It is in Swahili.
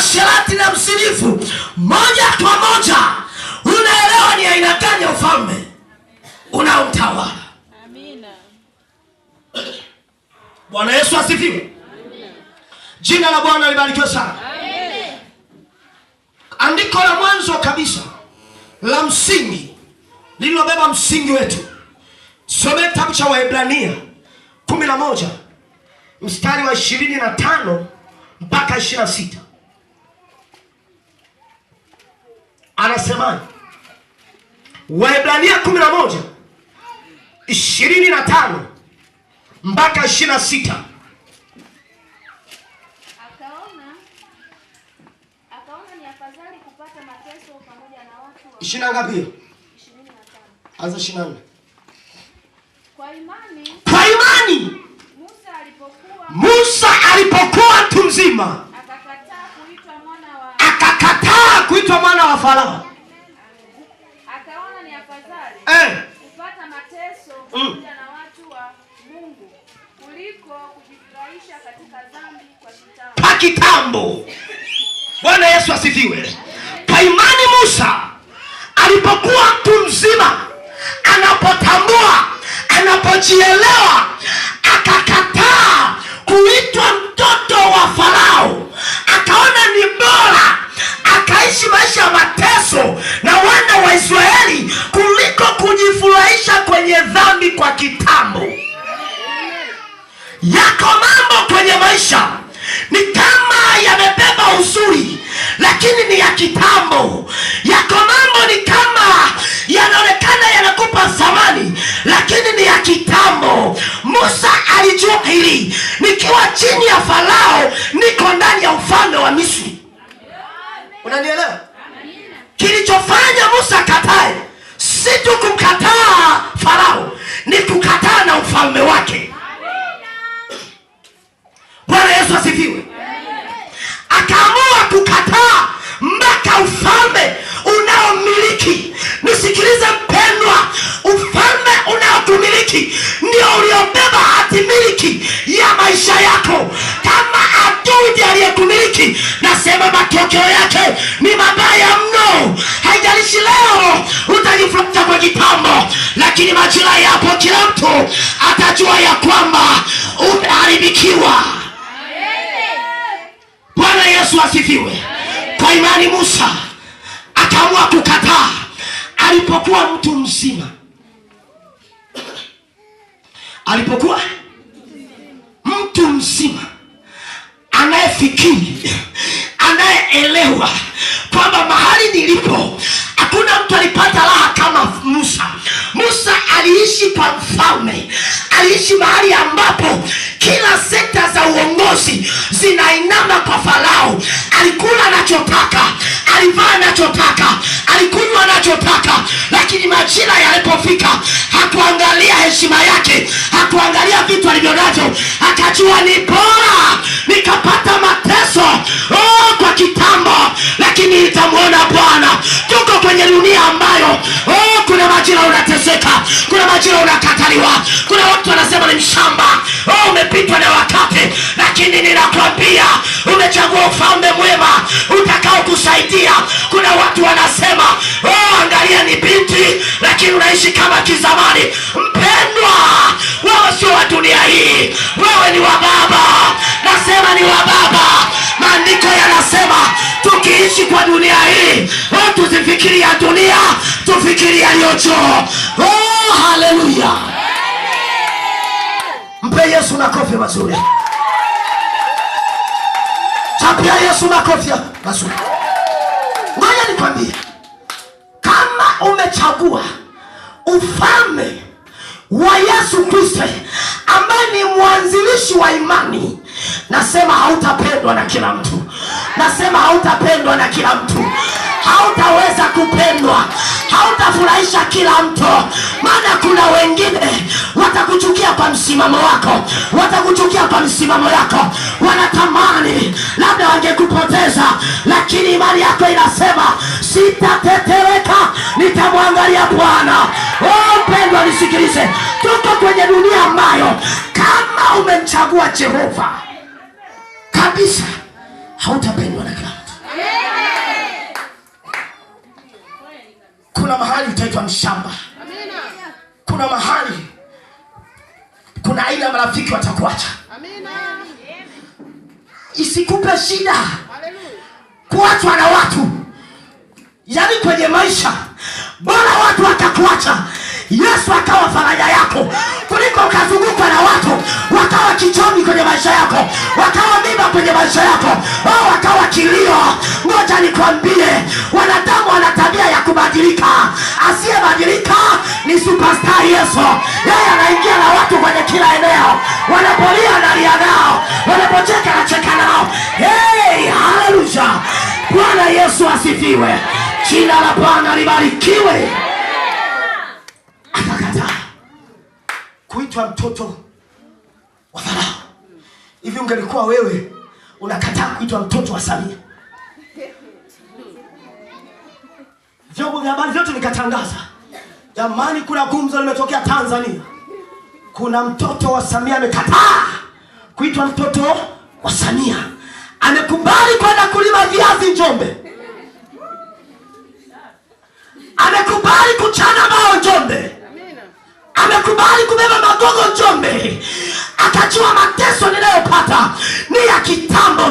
mwasherati na msinifu, moja kwa moja unaelewa ni aina gani ya ufalme unaomtawala. Bwana Yesu asifiwe. Jina la Bwana libarikiwe sana. Andiko la mwanzo kabisa la msingi lililobeba msingi wetu, some kitabu cha Waebrania kumi na moja mstari wa ishirini na tano mpaka ishirini sita anasemaje? Waebrania kumi 25 mpaka na watu ishirini na ngapi? 25. Anza 24. Kwa imani, kwa imani Musa alipokuwa Musa alipokuwa mtu mzima kuitwa mwana wa Farao. Akaona ni afadhali eh, kupata mateso mm, na watu wa Mungu kuliko kujifurahisha katika dhambi kwa kitambo. Pa kitambo. Bwana Yesu asifiwe. Kwa imani Musa alipokuwa mtu mzima, anapotambua, anapojielewa kwenye dhambi kwa kitambo. Yako mambo kwenye maisha ni kama yamebeba uzuri, lakini ni ya kitambo. Yako mambo ni kama yanaonekana yanakupa zamani, lakini ni ya kitambo. Musa alijua hili, nikiwa chini ya Farao niko ndani ya ufalme wa Misri. Unanielewa? Kilichofanya Musa katae si tu kukataa Farao ni kukataa na ufalme wake. Bwana Yesu asifiwe. Akaamua kukataa mpaka ufalme unaomiliki. Nisikilize mpendwa, ufalme unaotumiliki ndio uliobeba hatimiliki ya maisha yako kama adui aliyekumiliki, nasema matokeo yake ni mabaya mno. Haijalishi leo utajifuta kwa jitambo, lakini majira yapo, kila mtu atajua ya kwamba umeharibikiwa. Bwana Yesu asifiwe. Kwa imani Musa akaamua kukataa alipokuwa mtu mzima alipokuwa mtu mzima anayefikiri, anayeelewa kwamba mahali nilipo hakuna mtu alipata raha kama Musa. Musa aliishi kwa mfalme, aliishi mahali ambapo kila sekta za uongozi zinainama kwa Farao. Alikula anachotaka, alivaa anachotaka, alikunywa anachotaka, lakini majira yalipofika hakuangalia heshima yake, hakuangalia vitu alivyonavyo, akajua nipo ajira unakataliwa. Kuna watu wanasema ni mshamba, oh, umepitwa na wakati, lakini ninakwambia umechagua ufalme mwema utakaokusaidia. Kuna watu wanasema oh, angalia ni binti, lakini unaishi kama kizamani. Mpendwa, wewe sio wa dunia hii, wewe ni wa Baba. Nasema ni wa Baba. Maandiko yanasema tukiishi kwa dunia hii, tuzifikiria dunia, tufikiria yocho oh, haleluya! Mpe Yesu makofi mazuri, chapia Yesu makofi mazuri. Ngoja nikwambie, kama umechagua ufalme wa Yesu Kristo ambaye ni mwanzilishi wa imani, nasema hautapendwa na kila mtu, nasema hautapendwa na kila mtu hautaweza kupendwa, hautafurahisha kila mtu, maana kuna wengine watakuchukia kwa msimamo wako, watakuchukia kwa msimamo yako, wanatamani labda wangekupoteza, lakini imani yako inasema sitatetereka, nitamwangalia Bwana. Mpendwa, nisikilize, tuko kwenye dunia ambayo kama umemchagua Jehova kabisa hautapendwa na kila mtu. Kuna mahali utaitwa mshamba. Kuna mahali, kuna aina ya marafiki watakuacha, isikupe shida kuachwa na watu. Yaani kwenye maisha bora watu watakuacha, Yesu akawa faraja yako kuliko ukazungukwa na watu wakawa kichomi kwenye maisha yako, wakawa mima kwenye maisha yako, wao oh, wakawa kilio Acha nikwambie, wanadamu wana tabia ya kubadilika. Asiyebadilika ni superstar Yesu. Yeye anaingia na watu kwenye kila eneo, wanapolia analia nao, wanapocheka anacheka nao. Hey, haleluya! Bwana Yesu asifiwe, jina la Bwana libarikiwe. Akakataa kuitwa mtoto wa Farao. Hivi ungelikuwa wewe unakataa kuitwa mtoto wa Samia? vyombo vya habari vyote vikatangaza, jamani, kuna gumzo limetokea Tanzania, kuna mtoto wa Samia amekataa kuitwa mtoto wa Samia, amekubali kwenda kulima viazi Njombe, amekubali kuchana mao Njombe, amekubali kubeba magogo Njombe, akajua mateso ninayopata ni ya kitambo.